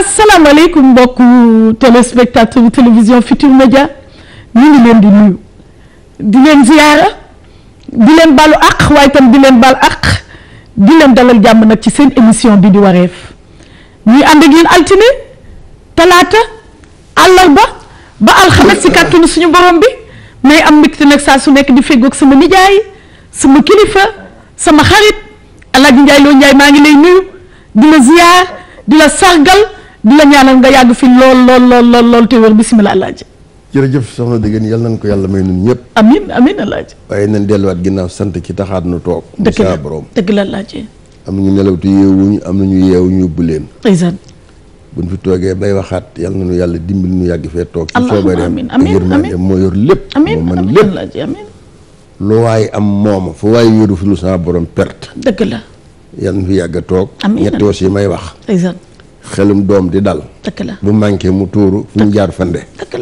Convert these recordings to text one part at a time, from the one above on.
asalaamaaleykum mbokk téléspectateur télévision Futur Média ñu ngi leen di nuyu di leen ziyaara di leen baalu àq waaye itam di leen baal àq di leen dalal jàmm nag ci seen émission bi di wareef ñuy ànd ak yéen altine talaata àllarba ba alxames si kàttanu suñu borom bi may am mbégte nag saa su nekk di feggoog sama nijaay sama kilifa sama xarit Alaaji Njaay Loo Njaay maa ngi lay nuyu di la ziyaar di la sargal di la ñaanal yàgg fi lool lool lool lool lool te wér bisimilah alaaji jërëjëf soxna Degene yal nañ ko yàlla may nun ñëpp amin amin alaaji waaye nañ delluwaat ginnaaw sant ci taxaat nu toog dëgg la borom dëgg la alaaji am nañu nelawtu yeewuñu am nañu yeewuñu yóbbu leen ndeysaan buñ toogee bay waxaat yal nañu yàlla dimbali nu yàgg fee toog ci moo yor lépp moo lépp amin lu waay am mooma fu waay fi saa borom perte dëgg la yal na yàgg toog ñetti was may wax xelum doom di dal. dëgg la bu mu tuuru fu mu jaar fande. dëgg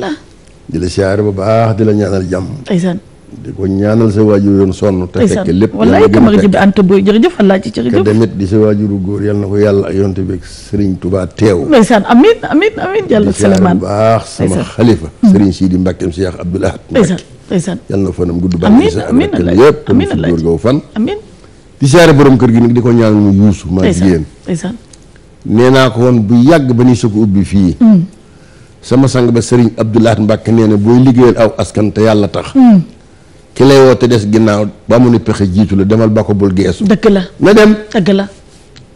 di la siyaare bu baax di la ñaanal jàmm. aysan. di ko ñaanal sa waajur yoon sonn. te fekk lépp walaay kamara ji bi anta booy jërëjëf te tamit di sa waajuru góor yal na ko yàlla ak yonte bi Serigne Touba teew. aysan amiin amiin amiin yàlla salamaan. bu baax sama xalifa. Mm-hmm. Serigne Sidi Mbackeem Cheikh Abdoul Ahad. aysan aysan yàlla na fanam gudd. amiin amiin alaay yëpp amiin kër gi nag di ko ñaanal mu yuusu maa jigéen nee naa ko woon bu yàgg ba ni su ko ubbi fii mm. sama sang ba sëriñ Abdoulaat mbàkk nee na booy liggéeyal aw askan te yàlla tax mm. ki te des ginnaaw ba mu ne pexe jiitu la demal ba ko bul geesu dëgg la na dem dëgg la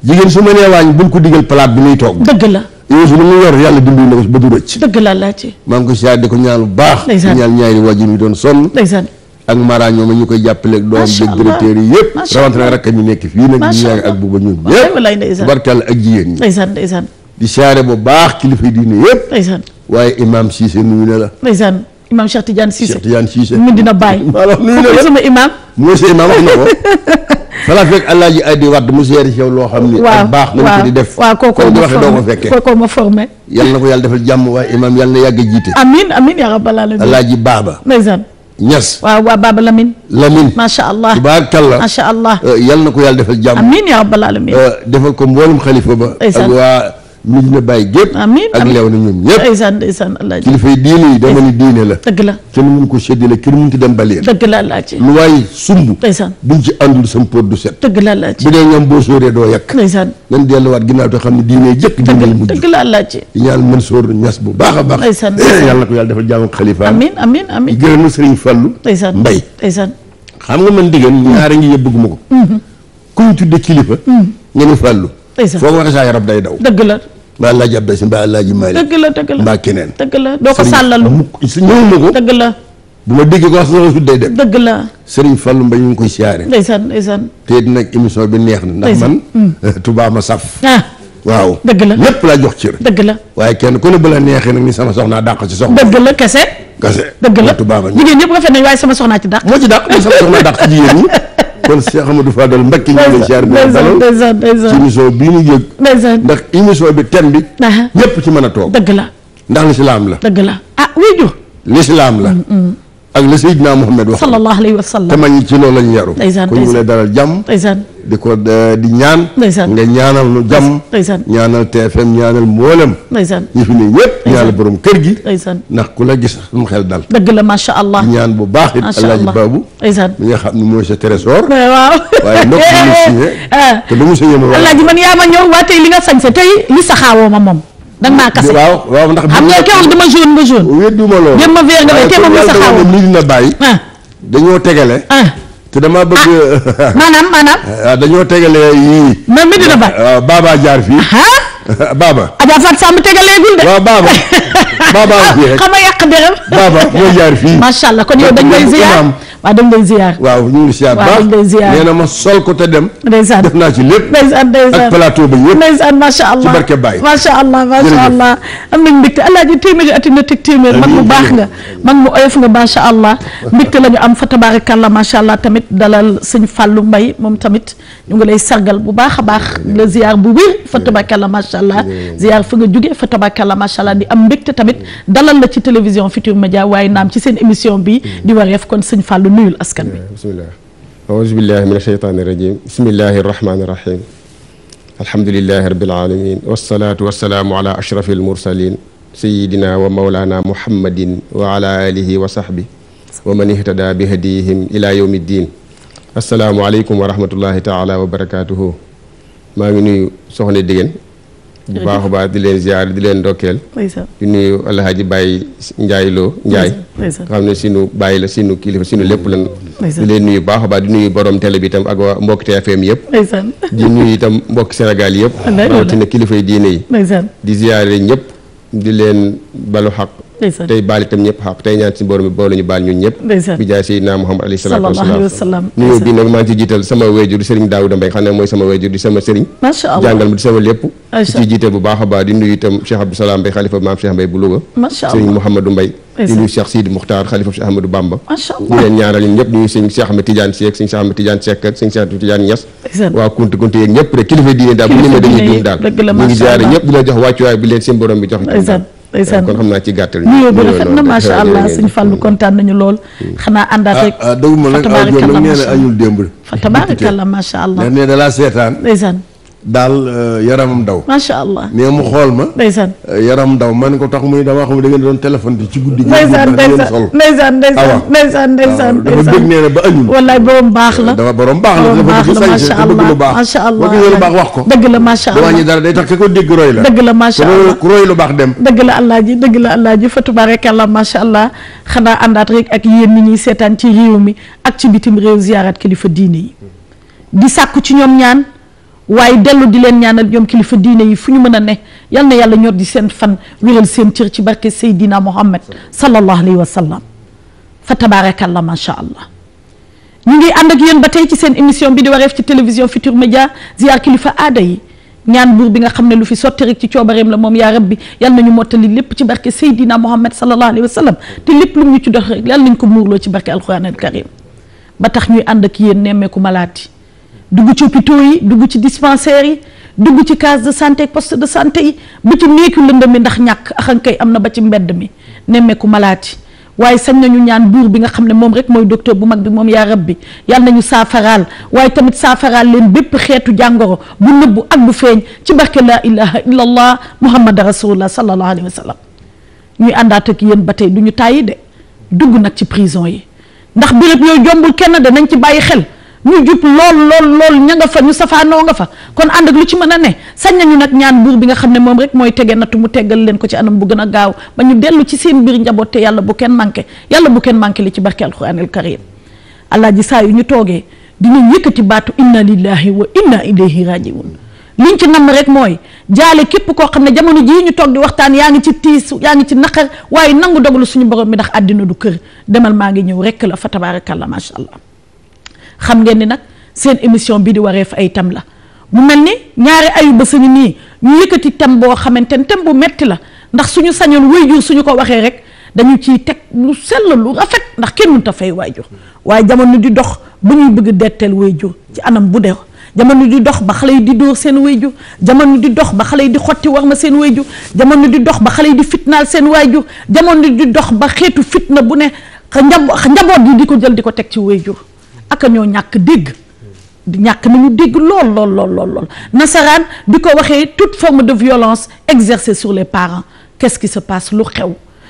jigéen su ma nee bul ko digal palaat bi muy toog dëgg la yooyu su mu yor yàlla dimbali na ko ba du rëcc dëgg la laajte maa ngi ko siyaar di ko ñaan bu baax ñaan ñaari waajur mi doon sonn ndeysaan ak mara ñoom ñu koy jàppale ak doom bi directeur yi yëpp rawante nag rakk ñu nekk fii nag ñu yàgg ak buuba ñun ñëpp barkal ak jigéen ñi ndeysaan ndeysaan di siyaare bu baax kilifa diine yëpp ndeysaan waaye imam Cissé nuyu na la ndeysaan imam Cheikh Tidiane Cissé Cheikh Tidiane Cissé mu dina bàyyi alors nuyu na la sama imam mooy sa imam wax na ko fala fekk alaaji Adi Wade mu seeri ci yow loo xam ne ak baax nga ko di def waaw kooku di waxee doo ko fekkee kooku ma formé yàlla na ko yàlla defal jàmm waaye imam yàlla na yàgg a jiite amin amin yaa rabbal alamin alaaji Baaba Niass waaw waa Baba Lamine Lamine macha allah tubaarkalla macha allah uh, yal na ko yàlla defal jàmm amiin yaa rabbal alamin uh, defal ko mboolum xalifa ba ak waa Medina Baye gépp amiin na ñoom ñëpp ndeysaan ndeysaan alaaji kilifa yi diine yi dama ni diine la dëgg la kenn mun ko séddale kenn mun ti dem baleen dëgg la alaaji lu waaye sumb ndeysaan buñ ci àndul sam pot du set la alaaji bu dee ñoom boo sóoree doo yàq ndeysaan nan delluwaat ginnaaw te xam ne diine jëkk diine mujj dëgg la alaaji di ñaan mën sóor ñas bu baax a baax ndeysaan eh, yàlla na ko yàlla defal jàmm xalifa amiin amiin amiin gërëm na Sëriñ Fallu ndeysaan xam nga man diggan ñaari ngi yëpp bëgguma ko mhm. kuñ tudde kilifa mhm. nga ni fàllu foo ko waxee saa yaram day daw dëgg la mbaa Alaaji Abdou Si mbaa Alaaji Maalik. dëgg la dëgg la mbaa keneen. dëgg la doo ko sàllal dëgg la. bu ma déggee ko wax sama su ñu ngi koy siyaare. ndeysaan ndeysaan. te nag émission bi neex na. ndax man. Mm. Touba ma saf. Ah. waaw dëgg la ñëpp laa jox cër. dëgg la waaye kenn ku ne bu la neexee nag ni sama soxnaa dàq ci soxna. dëgg la kese. kese dëgg la Touba ma. jigéen ñëpp nañ waaye sama soxnaa ci dàq. moo ci dàq sama soxnaa dàq ci jigéen ñi kon Cheikh Amadou Fadal Mbacke ñu ngi lay ziar bi dalal ci émission bii ñu yëg ndax émission bi thème bi ñëpp ci man a toog dëgg la ndax lislaam la dëgg la ah wuyu lislaam la mm, mm. ak la Seydina Muhammad wax sallallahu alayhi wa sallam te mañ ci loolu lañu yaru ku ñu lay dalal jàmm di ko eh, di ñaan nga ñaanal nu jàmm ñaanal TFM ñaanal mboolem ñi fi ne ñëpp ñaanal borom kër gi ndax ku la gis mu xel dal dëgg la macha allah ñaan bu baax it alaaji baabu mi nga xam ne mooy sa trésor eh, waaw waaye ndokk mu signé eh. te du mu signé ma alaaji man yaa ma ñëw waa tey li nga sañ sa tey li saxaawoo ma moom da nga maa kase ndax. xam nga keroog dama jaune nga jaune. wéduma loolu dem ma weer nga weer kéema mu sa xaw lii dina ah. bàyyi. dañoo tegale. Ah. te dama ah. bëgg. maanaam maanaam. dañoo tegale yii. même mi dina bàyyi. baaba jaar fii. baaba. Adja Fatou Samb tegaleegul de. baaba baaba fii rek. xam nga yàq dërëm. baaba moo jaar fii. macha allah kon yow dañ lay ziar waa dem lay ziar. waaw ñu ngi ziar baax dañ lay ziar nee ma sol ko te dem. ndeysaan def naa ci lépp. ndeysaan ndeysaan ak plateau ba yëpp. ndeysaan macha allah ci barke Baye. macha allah macha allah am nañ mbégte alaaji na teg téeméer mag mu baax nga mag mu oyof nga macha allah mbégte la am fa tabarakallah macha allah tamit dalal sëñ fallu mbay moom tamit ñu ngi lay sargal bu baax a baax la ziar bu wér fa tabarakallah macha allah ziar fa nga jóge fa tabarakallah macha allah di am mbégte tamit dalal la ci télévision Futur Média waaye naam ci seen émission bi di wareef kon sëñ Fallou nuyul askan bi bisimilah aouzu billahi min asheytaani rajim bismillahi arrahmani irrahim alhamdulilahi rabil alamin wasalaatu wasalaamu ala ashrafi almursalin sayidina wa maulana muhammadin wa ala alihi wa sahbi wa man ihtada bi hadiyihim ila yawmi ddin asalaamualeykum wa rahmatullahi taala wa barakatuhu maa ngi nuyu soxna Degen bu baax baax di leen ziar di leen ndokkeel di nuyu alhaaji Baye Ndiaye Lo xam ne sunu bàyyi la sunu kilifa sunu lépp lan di leen nuyu baax a baax di nuyu borom télé bi tam ak waa mbokki TFM yëpp di nuyu itam mbokki Sénégal yëpp rawatina kilifa yi diine yi di ziare ñëpp di leen balu xaq tey baal itam ñëpp xaq tey ñaan si borom bi boole ñu baal ñun ñëpp bi jaay Seydina Muhammad alayhi salaatu wa salaam nuyoo bi nag maa ngi ci jiital sama wéjur di Serigne Daouda Mbaye xam ne mooy sama wéjur di sama Serigne macha allah jàngal ma di sama lépp ci jiital bu baax a baax di nuyu itam Cheikh Abdou Salam Mbaye xalifa maam Cheikh Mbaye bu Louga macha allah Serigne Mouhamadou Mbaye di nuyu Cheikh Sidi Moukhtar xalifa Cheikh Ahmadou Bamba ñu leen ñaaral ñun ñëpp nuyu sëñ Cheikh Ahmed Tidiane Seck sëñ Cheikh Ahmed Tidiane Seck ak sëñ Cheikh Tidiane Niass waa kuntu kuntu yeeg ñëpp rek kilifa diine daal bu ñu ne dañuy dund daal ñu ngi jaare ñëpp di la jox wàccuwaay bi leen seen borom bi jox ndeysaan eh, kon xam naa ci gàttal nuyoo bi rafet na macha allah eh, suñ fàllu kontaan nañu lool hmm. xanaa àndaat ah, rek ah, dëgg ma nag aw ah, nag nee na añul allah nee na laa seetaan ndeysaan daal euh, yaramam daw. macha allah nee mu xool ma. ndeysaan euh, yaram daw man ko tax muy dama xam ne da ngeen doon téléphone ci guddi. ndeysaan ndeysaan ndeysaan ndeysaan ndeysaan dafa dégg nee na ba ëññu. wallaay borom baax la dafa borom baax la dafa dégg sañ te bëgg lu baax. macha allah lu baax wax ko. dëgg la macha allah wàññi dara day tax ki ko dégg roy la. dëgg la macha allah ku roy lu baax dem. dëgg la allah ji dëgg la allah ji fa tabarakallah macha allah xanaa àndaat rek ak yéen ni seetaan ci réew mi ak ci bitim réew ziyaaraat kilifa diine yi di sàkku ci ñoom ñaan waaye dellu di leen ñaanal ñoom kilifa diine yi fu ñu mën a ne yal yàlla ñor di seen fan wéral seen cër ci barke Seydina Muhammad sallallahu alayhi wa sallam fa tabaarakallah macha allah. ñu ngi ànd ak yéen ba tey ci seen émission bi di wareef ci télévision Futur Média ziar kilifa aada yi ñaan buur bi nga xam ne lu fi sotti rek ci coobareem la moom yaa rabbi na nañu mottali lépp ci barke Seydina Muhammad sallallahu alayhi wa sallam te lépp lu ñu ci dox rek nañ ko muurloo ci barke alquran al karim ba tax ñuy ànd ak yéen nemmeeku malaati dugg ci hôpitaux yi dugg ci dispensaires yi dugg ci case de santé poste de santé yi ba ci néeku lënd mi ndax ñàkk axankay am na ba ci mbedd mi nemmeeku malaat yi waaye sañ nañu ñaan buur bi nga xam ne moom rek mooy docteur bu mag bi moom yaa rab bi yal nañu saafaraal waaye tamit saafaraal leen bépp xeetu jàngoro bu nëbbu ak bu feeñ ci barke laa ilaha illa allah muhammad rasulullah sallallahu alayhi wa sallam ñuy àndaat ki yéen ba tey du ñu tàyyi de dugg nag ci prison yi ndax béréb yooyu jombul kenn de nañ ci bàyyi xel ñu jub lool lool lool ña nga fa ñu safaanoo nga fa kon ànd ak lu ci mën a ne sañ nañu nag ñaan buur bi nga xam ne moom rek mooy tege nattu mu teggal leen ko ci anam bu gën a gaaw ba ñu dellu ci seen biir njaboot te yàlla bu kenn manqué yàlla bu kenn manqué li ci barke alxuraanil karim allah ji saa yu ñu toogee dinañ yëkkati baatu inna lillahi wa inna ilayhi rajiun liñ ci namm rek mooy jaale képp koo xam ne jamono jii ñu toog di waxtaan yaa ngi ci tiis yaa ngi ci naqar waaye nangu dogalu suñu borom mi ndax àddina du kër demal maa ngi ñëw rek la fa tabaarakallah macha allah xam ngeen ni nag seen émission bi di waree wareef ay tam la mu mel ni ñaari ayu ba sëñ nii ñu yëkkati tam boo xamante ne tam bu metti la ndax suñu sañoon waajur suñu ko waxee rek dañu ciy teg lu sell lu rafet ndax kenn mënut tafe fay waajur waaye jamono di dox ba ñuy bëgg detteel waajur ci anam bu deew jamono di dox ba xale yi di door seen waajur jamono di dox ba xale yi di xotti war ma seen waajur jamono di dox ba xale yi di fitnaal seen waajur jamono di dox ba xeetu fitna bu ne njaboot yi di ko jël di ko teg ci waajur aka ñoo ñàkk dégg ñàkk nañu dégg lool lool lool lool lool nasaraan bi ko waxee toute forme de violence exercée sur les parents qu'est-ce qui se passe lu xew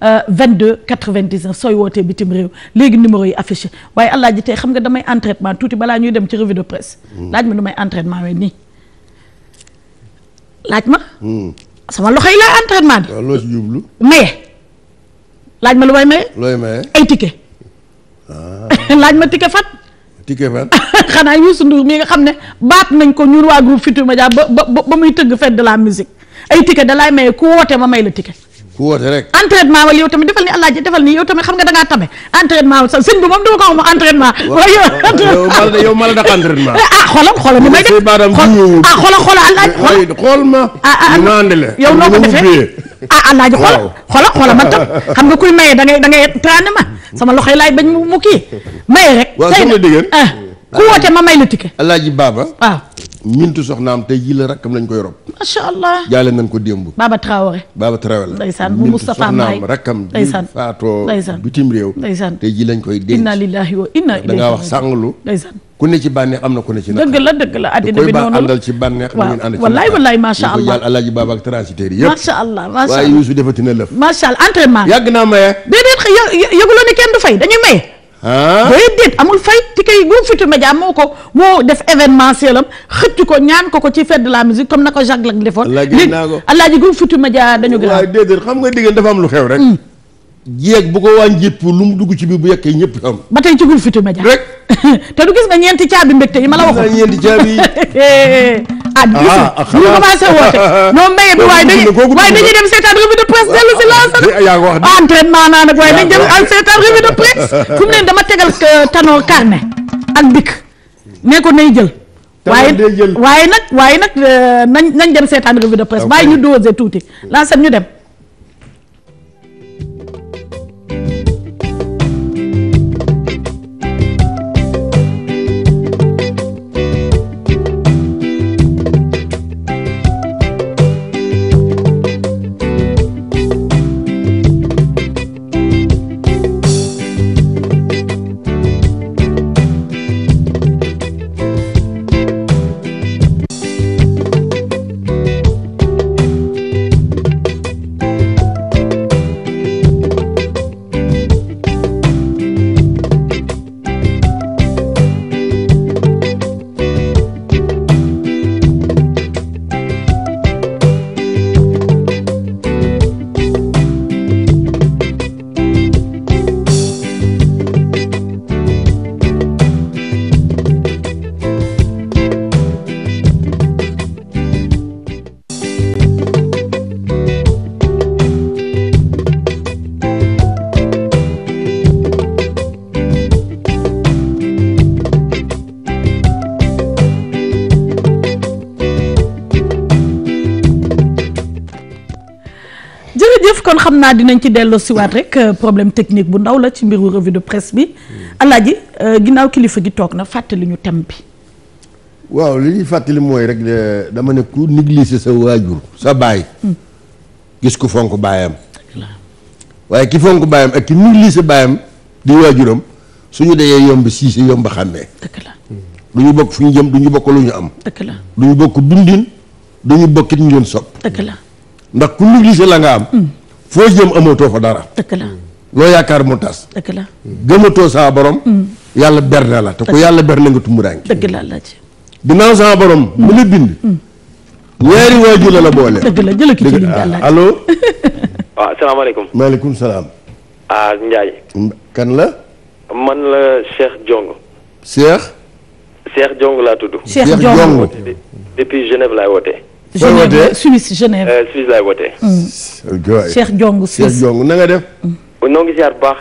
22 euh, 99 sooy wootee bitim réew léegi numéro yi affiché waaye Alaaji tey xam nga damay entraînement tuuti balaa ñuy dem ci revue de presse. Hmm. laaj ma damay entraînement we nii laaj ma. Hmm. sama loxo yi laa entraînement bi. waaw maye laaj ma lu may maye. looy maye ay ticket. Ah. laaj ma ticket fat ticket fat xanaa Youssou Ndour mi nga xam ne baat nañ ko ñun waa groupe Futurs Médias ba ba ba muy tëgg fête de la musique ay ticket da laay maye ku wootee ma may la ticket. ku woote rek entraînement wala yow tamit defal ni Alaaji defal ni yow tamit xam nga da ngaa tame entraînement wala sëñ bi moom dama ko wax mu entraînement waaye yow yow mala ndax entraînement ah xoolal xoolal ni may def ah xoolal xoolal Alaaji eh, xoolal eh, xool ma ah ma ah, àndale yow noo ko defee ah Alaaji xoolal xoolal xoolal man tam xam nga kuy maye da ngay da ngay trané ma sama loxo yi laay bañ mu kii maye rek waaw sama diggéen ah, ku woote ma may la ticket Alaaji Baba waaw mintu soxnaam tey jii la rakkam lañ koy rob. macha allah jaale nañ ko démb. Baba Traoré. Baba Traoré la. ndeysaan bu Moustapha Mbaye mintu soxnaam rakkam. ndeysaan di faatoo bitim réew. ndeysaan jii lañ koy denc. inna lillahi da ngaa wax sànglu. ndeysaan ku ne ci bànneex am na ku ne ci. la dëgg la addina bi noonu la àndal ci bànneex. waaw wallaay wallaay macha allah ñu ngi ko alaaji Baba ak transitaire yëpp. allah macha allah defatina lëf. macha allah entraînement. yàgg naa maye. déedéet yëguloo ni kenn du fay dañuy maye déedéet amul fay ticket yi groupe Futurs Médias moo ko moo def événementiel am xëcc ko ñaan ko ko ci fête de la musique comme na ko Jacques Lang defoon. léegi alaaji groupe Futurs Médias dañu gën a. waaw déedéet xam nga diggante dafa am lu xew rek. Hmm. jéeg bu ko wàññi jépp lu mu dugg ci biir bu yekkee ñëpp am. ba tey ci Groupe Futurs Médias rek. te du gis nga ñeenti caabi mbégte yi ma la waxoon. ñeenti caabi. ah, ah, ah gis nga commencé woote. ñoom mbéy mi waaye dañuy waaye dañuy dem seetaan revue de presse dellu si lancé. yaa ngi wax de ah, entraînement naa nag waaye dañu dem al seetaan revue de presse fu mu ne dama tegal euh, tanoor carnet ak dikk ne ko nay jël. waaye nag waaye nag euh, nañ nañ dem seetaan revue de presse bàyyi ñu doser tuuti lancé ñu dem. waa dinañ ci delloo siwaat rek euh, problème technique bu ndaw la ci mbiru revue de presse bi alaaji euh, ginnaaw kilifa gi toog na fàttali ñu thème bi waaw li ñuy fàttali mooy rek dama ne ku négliger sa waajur sa baay hmm. gis ku fonk baayam waaye ki fonk baayam ak ki négliger baayam di waajuram suñu dayee yomb siise yomb xàmmee dëgg la du ñu bokk fu ñu jëm du ñu bokk lu ñu am dëgg la du ñu bokk dundin du ñu bokkit ñu leen sopp ndax ku négliger la nga am hmm. foo jëm amatoo fa dara. dëgg la loo yaakaar mu tas. dëgg la gëmatoo saa borom. Mm. yàlla berne la te ko yàlla berne nga tumuraange. dëgg la laaj. ginnaaw saa borom. Mm. mu la bind. Mm. ñaari waajur la la boole. dëgg la jëla ki ci ah, salaam. ah Ndiaye. kan la. man la Cheikh Jong. Cheikh. Cheikh Jong laa tudd. Cheikh Jong depuis Genève laay wootee. Genève Suisse Genève. Euh, Suisse laay mm. wootee. Cheikh Diong Suisse Cheikh Diong def. Mm. noo ngi ziar baax.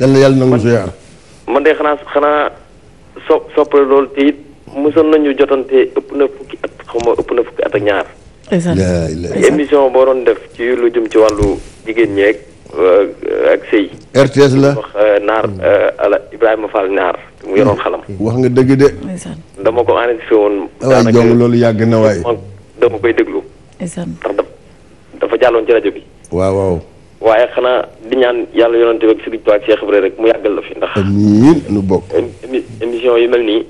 yàlla yàlla na nga man de xanaa xanaa so soppali loolu te it mosoon nañu jotante ëpp na fukki at xaw ma ëpp na fukki at ak ñaar. émission boo doon def ci lu jëm ci wàllu jigéen ñeeg euh, ak sëy. RTS la euh, Naar mm. ala Ibrahima Fall Naar. mu yoroon xalam. wax nga dëgg de. dama ko enregistré woon. daanaka waaw loolu yàgg na waay. dama koy déglu. ndax dafa jàlloon ci rajo bi. waaw waaw. waaye xanaa di ñaan yàlla yonante bi ak Sëriñ Tuubaa ak Cheikh Ibrahima rek mu yàggal la fi ndax. amiin nu bokk. émission yu mel nii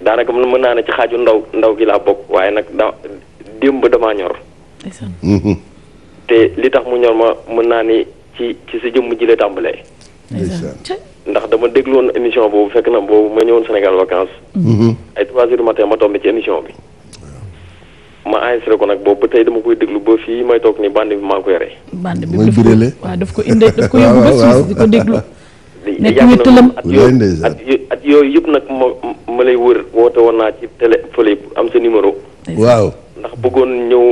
daanaka mën naa ne ci xaaju ndaw ndaw gi laa bokk waaye nag da démb damaa ñor. Mhm. te li tax mu ñor ma mën naa ni ci ci sa jëmm ji la tàmbalee. ndax dama déglu woon émission boobu fekk na boobu ma ñëwoon Sénégal vacances. Mhm. ay trois matin ma tombé ci émission bi. ma enregistré ko nag boobu ba tey dama koy déglu ba fii may toog ni band bi maa ko yore. band bi mooy biréle waaw daf ko indee daf ko yóbbu ba suuf di ko déglu. yooyu yëpp nag ma ma lay wër woote woon naa ci télé sa numéro. waaw ndax bëggoon ñëw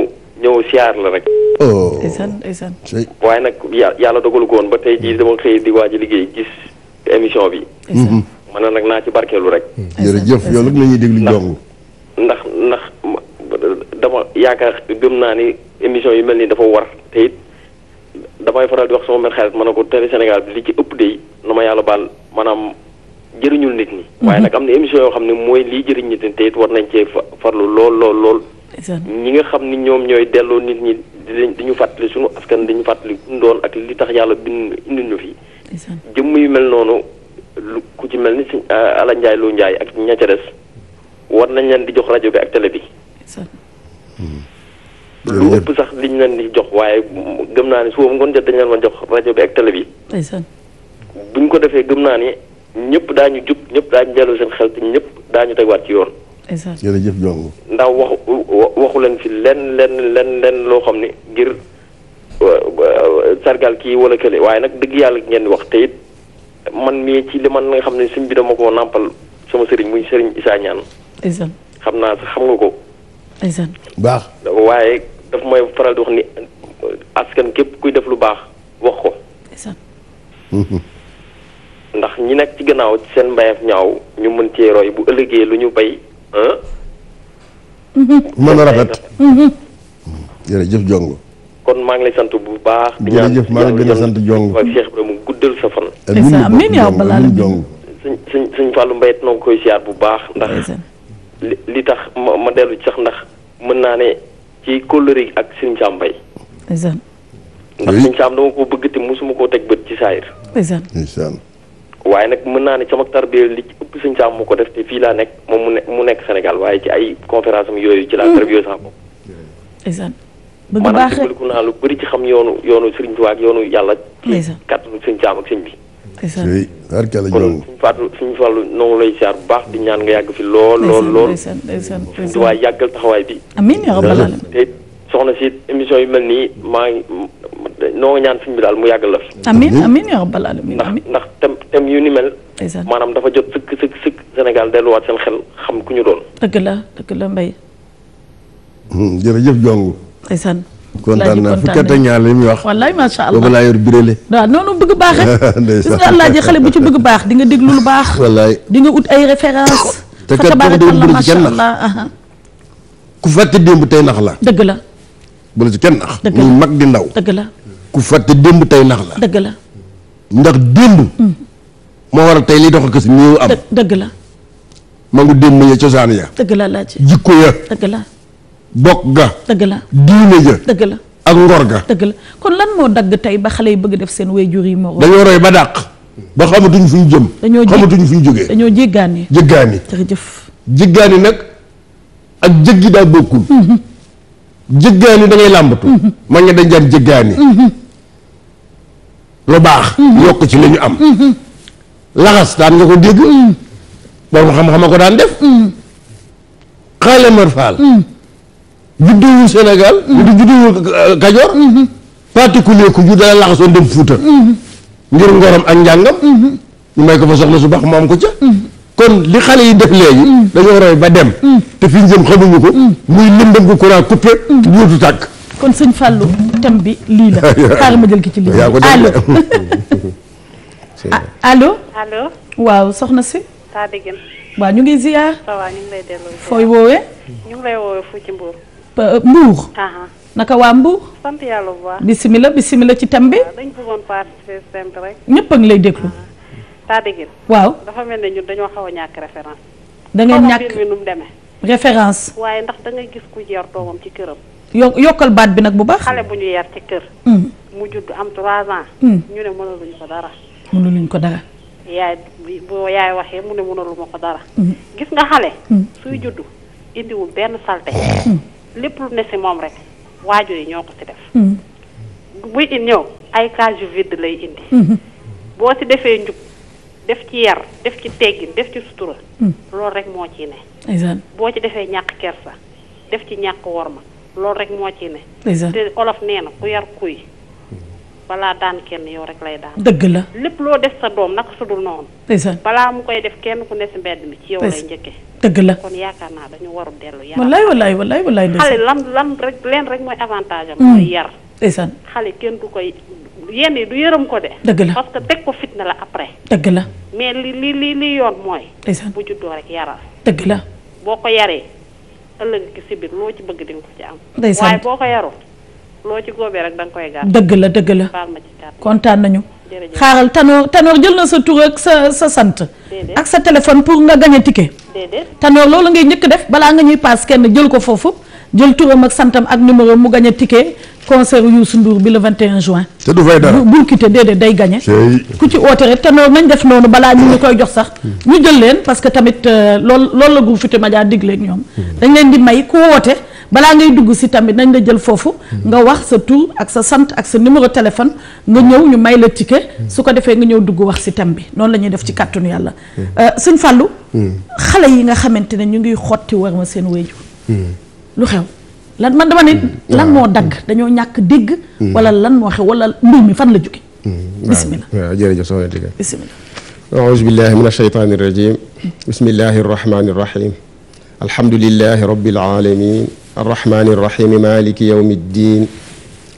ñëw siyaar la rek. oh ndeysaan ndeysaan waaye nag yàlla dogalu ko woon ba tey jii mm. dama xëy di waaj liggéey gis émission bi. man mm-hmm. nag naa ci barkeelu rek. jërëjëf yow nag la ñuy ndax ndax. dama yaakaar gëm naa ni émission yu mel nii dafa war te it damay faral di wax sama mel xarit man ne ko tele Sénégal bi li ci ëpp de na ma yàlla baal manaam jëriñul nit ñi. Mhm. waaye nag am na émission yoo xam ne mooy lii jëriñ nit ñi te it war nañ cee farlu lool lool lool. ñi nga xam ni ñoom ñooy delloo nit ñi di ñu fàttali suñu askan dañu fàttali doon ak li tax yàlla bind indi ñu fi. jëmm yu mel noonu lu ku ci mel ni si euh, Ala Ndiaye Lo Ndiaye ak ña ca des war nañ leen di jox rajo bi ak télé bi. lu ëpp liñ leen di jox waaye gëm naa ni suba mu ngoon jot dañ leen ma jox rajo bi ak télé bi. buñ ko defee gëm naa ni ñëpp daañu jub ñëpp daañu delloo seen xel te ñëpp daañu tegwaat ci yoon. ndeysaan jërëjëf Ndiongo. ndax waxu waxu leen fi len lenn loo xam ne ngir sargal kii wala kële waaye nag dëgg yàlla ngeen wax te it man mii ci li man nga xam ne suñ bi dama koo nàmpal sama sëriñ muy sëriñ Issa xam naa xam nga ko. baax waaye daf may faral di wax ni askan képp kuy def lu baax wax ko. ndax ñi nekk ci gannaaw seen mbayaf ñaaw ñu mën cee roy bu ëllëgee lu ñu bay. mën a rafet. Mm-hmm. jërëjëf Jongo. kon maa ngi lay sant bu baax. di ñaan jërëjëf maa ngi lay sant Jongo ak Cheikh Ibrahima mu guddal sa fan. amiin amiin yow balaa la sëñ sëñ Fallou Mbaye noo ngi koy siyaar bu baax ndax. li tax ma ma dellu ci sax ndax mën naa ne ci kóllëre ak saam Sam Mbaye. ndax Sëriñ Sam dama ko bëgg te mosuma koo teg bët ci saayir. waaye nag mën naa ne sama tarbiya li ci ëpp Sëriñ Sam moo ko def te fii laa nekk moom mu mu nekk Sénégal waaye ci ay conférence yooyu ci laa mm. tarbiya sax ko. bëgg baax maanaam naa lu bëri ci xam yoonu yoonu Sëriñ Tuubaa yoonu yàlla. ci kàttanu Sëriñ Sam ak sëñ bi. oui barkeel a kon Fatou suñu Fallou noo lay bu baax di ñaan nga yàgg fi lool lool lool. ndeysaan ndeysaan ndeysaan waaye yàggal taxawaay bi. amiin yaa rabbal soxna si émission yu mel nii maa ngi ñaan suñu bi daal mu yàggal la fi. amiin amiin yaa rabbal aalamiin ndax ndax thème thème yu ni mel. ndeysaan maanaam dafa jot sëkk sëkk sëkk Sénégal delluwaat seen xel xam ku ñu doon. dëgg la dëgg la Mbaye. Hmm, jërëjëf Jongu. ndeysaan. kontaan naa fukki at ak ñaar muy wax wallaay macha allah boobu laa yor birélé waaw noonu bëgg baaxee gis nga àllaaji xale bu ci bëgg baax di nga déglu lu baax wallaay di nga ut ay référence te kat boobu doo bu la ci nax la dëgg la bu la mag di ndaw dëgg la ku fàtte démb tey nax la dëgg la ndax démb hmm. moo waral tey lii dox ak si néew am dëgg la ma ngu démb ya cosaan ya dëgg la laaj jikko ya bokk ga. dëgg la diine ja. dëgg la ak ngor ga. dëgg la kon lan moo dagg tey ba xale yi bëgg def seen wéyjur yi moo. dañoo roy ba dàq. ba xamatuñ fu ñu jëm. dañoo xamatuñ fu ñu jógee. dañoo jéggaani. jéggaani jërëjëf. jéggaani nag ak jéggi daa bokkul. Mm-hmm. jéggaani da ngay làmbatu. Mm-hmm. ma nga dañ daan jéggaani. Mm-hmm. lu baax. yokk ci li ñu am. laxas daan nga ko dégg. borom xam-xam a ko daan def. xaale Mar juddoowul Sénégal di juddoowul Kajoor mm-hmm. particulier ku ju dala laxasoon dem Fuuta mm-hmm. ngir ngorom ak njàngam mm-hmm. ñu may ko fa soxla su baax moom ko ca kon li xale yi def léegi dañoo roy ba dem te fi ñu jëm xamuñu ko muy lëndëm ko courant coupé ñuutu tàkk kon sëñ Fallou thème bi lii la xaaral ma jël ki ci lii allo ah, allo allo waaw soxna si taa ñu ngi ziar. waaw fooy woowee Euh, Mbour. naka waa Mbour. sant yàlla bu baax bisimilah ci thème bi. waaw dañu bëggoon participer thème rek. ñëpp a ngi lay déglu. Tadegin. waaw dafa mel ne ñun dañoo xaw a ñàkk référence. da ngeen ñàkk nu mu demee. référence. waaye ndax da ngay gis ku yar doomam ci këram. yo yokkal baat bi nag bu baax. xale bu ñu yar ci kër. Hmm. mu judd am 3 ans. Hmm. ñu ne mënaluñ ko dara. mënaluñ ko dara. yaay boo yaay waxee mu ne mënalu ma ko dara. Hmm. gis nga xale. suy judd indiwul benn salte. lépp lu ne si moom rek waajur yi ñoo ko si def buy hmm. in ñëw ay cas yu vide lay indi hmm. boo ci defee njub def ci yar def ci teggin def ci sutura hmm. loolu rek moo ci ne boo ci defee ñàkk kersa def ci ñàkk worma loolu rek moo ciy ne te olof nee na ku yar kuy balaa daan kenn yow rek lay daan. dëgg la lépp loo def sa doom naka su dul noonu. ndeysaan balaa mu koy def kenn ku ne si mbedd mi. ci yow lay njëkkee. dëgg la kon yaakaar naa dañu warul dellu. yar wallaay wallaay wallaay wallaay. lan lan rek leen rek mooy avantage am. Mm. yar. ndeysaan xale kenn du koy yenn du yërëm ko dëgg la parce que teg ko fitna la après. dëgg la mais li li li li yoon mooy. ndeysaan bu juddoo rek yaral. dëgg la boo ko yaree ëllëg ki si loo ci bëgg di ko ci am. ndeysaan waaye boo ko yaroo loo ci góobee rek da nga koy gaar. dëgg la dëgg la baal ma kontaan nañu. xaaral Tanor tanoor jël na sa tur ak sa sa sant. ak sa téléphone pour nga gañ a ticket. déedéet Tanor loolu ngay njëkk def balaa nga ñuy paas kenn jël ko foofu jël turam ak santam ak numéro mu gañ a ticket concert Youssou Ndour bi le 21 juin. te du fay dara bu day gañe ku ci oote rek Tanor nañ def noonu balaa ñu ñu koy jox sax. Hmm. ñu jël leen parce que tamit euh, lool loolu la Groupe Futurs Médias digleeg ñoom. Hmm. dañ leen di may ku woote. balaa ngay dugg si tam bi nañ la jël foofu hmm. nga wax sa tur ak sa sant ak sa numéro téléphone nga ñëw ñu may la ticket hmm. su ko defee nga ñëw dugg wax si thème bi noonu lañuy def ci kàttanu yàlla hmm. euh, sëñ Fallou xale yi nga xamante ne ñu ngi xotti war ma seen wéju lu xew lan ma dama ne lan moo dagg dañoo ñàkk dégg wala lan moo xew wala mbir mi fan la jóge bismillah waaw jërëjëf soxna Tika bismillah أعوذ بالله من الشيطان الرجيم بسم الله الرحمن الرحيم الحمد لله الرحمن الرحيم مالك يوم الدين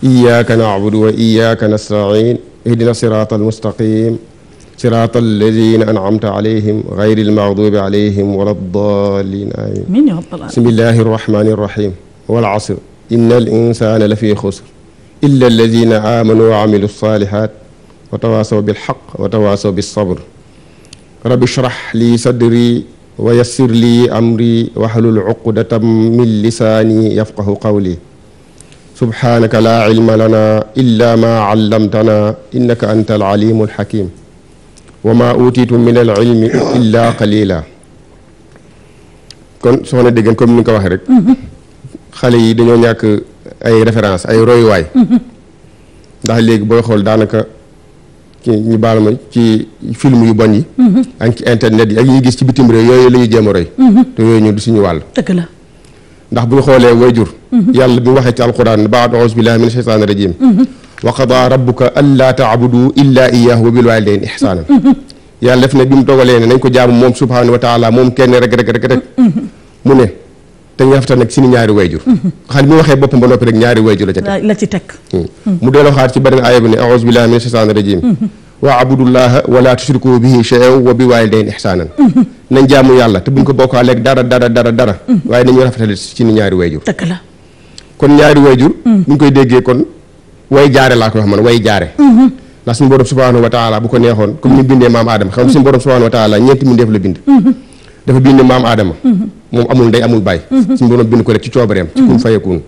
إياك نعبد وإياك نستعين اهدنا الصراط المستقيم صراط الذين أنعمت عليهم غير المغضوب عليهم ولا الضالين آمين مين يا رب بسم الله الرحمن الرحيم والعصر إن الإنسان لفي خسر إلا الذين آمنوا وعملوا الصالحات وتواصوا بالحق وتواصوا بالصبر رب اشرح لي صدري wa yassir lii amri wahlul uqdatam min lisaani yafqahu qawli subhaanaka laa ilma lanaa illaa maa allamtanaa innaka anta al-aliimu al-hakiim wa maa uutiitum min al-ilmi illaa qaliilaa kon soxna dégg comme ni nga ko waxee rek. xale yi dañoo ñàkk ay référence ay royuwaay. Mm-hmm. xool daanaka. ci ñu baal ma ci film yu bon yi. ak ci internet yi ak yi gis ci bitim réew yooyu la ñuy jéem a roy. te yooyu ñu du suñu wàll. dëgg la. ndax bu ñu xoolee wayjur yàlla bi mu waxee ci alquran baad auzu billahi min shaytaani rajim wa qadaa rabbuka allaa taabudu illaa iyyahu wa bil waalidayni ihsaanan yàlla def na bi mu dogalee ne nañ ko jaamu moom subhaanahu wa taala moom kenn rek rek rek rek mu ne te nga xafta nag si ni ñaari wayjur xaalis bi mu waxee boppam ba noppi rek ñaari wayjur la ca teg la ci teg hmm. mu delloo xaar ci beneen aaya bi ne aouzu billahi min shaytaani rajim hmm. wa abudullaha wala bi bihi shay'an wa bi waaye waalidayni ihsaanan nañ jaamu yàlla te buñ ko bokkaaleeg dara dara dara dara hmm. waaye nañu rafetale si ni ñaari wayjur dëgg la kon ñaari wayjur buñ koy déggee kon way jaare laa koy wax man way jaare ndax suñu borom subhanahu wa bu ko neexoon comme ñu bindee maam aadama xam suñu borom subhanahu bind dafa bind maam aadama mhm. moom amul ndey amul baay mhm. suñu borom bind ko rek ci coobareem ci kun mhm. fayekoon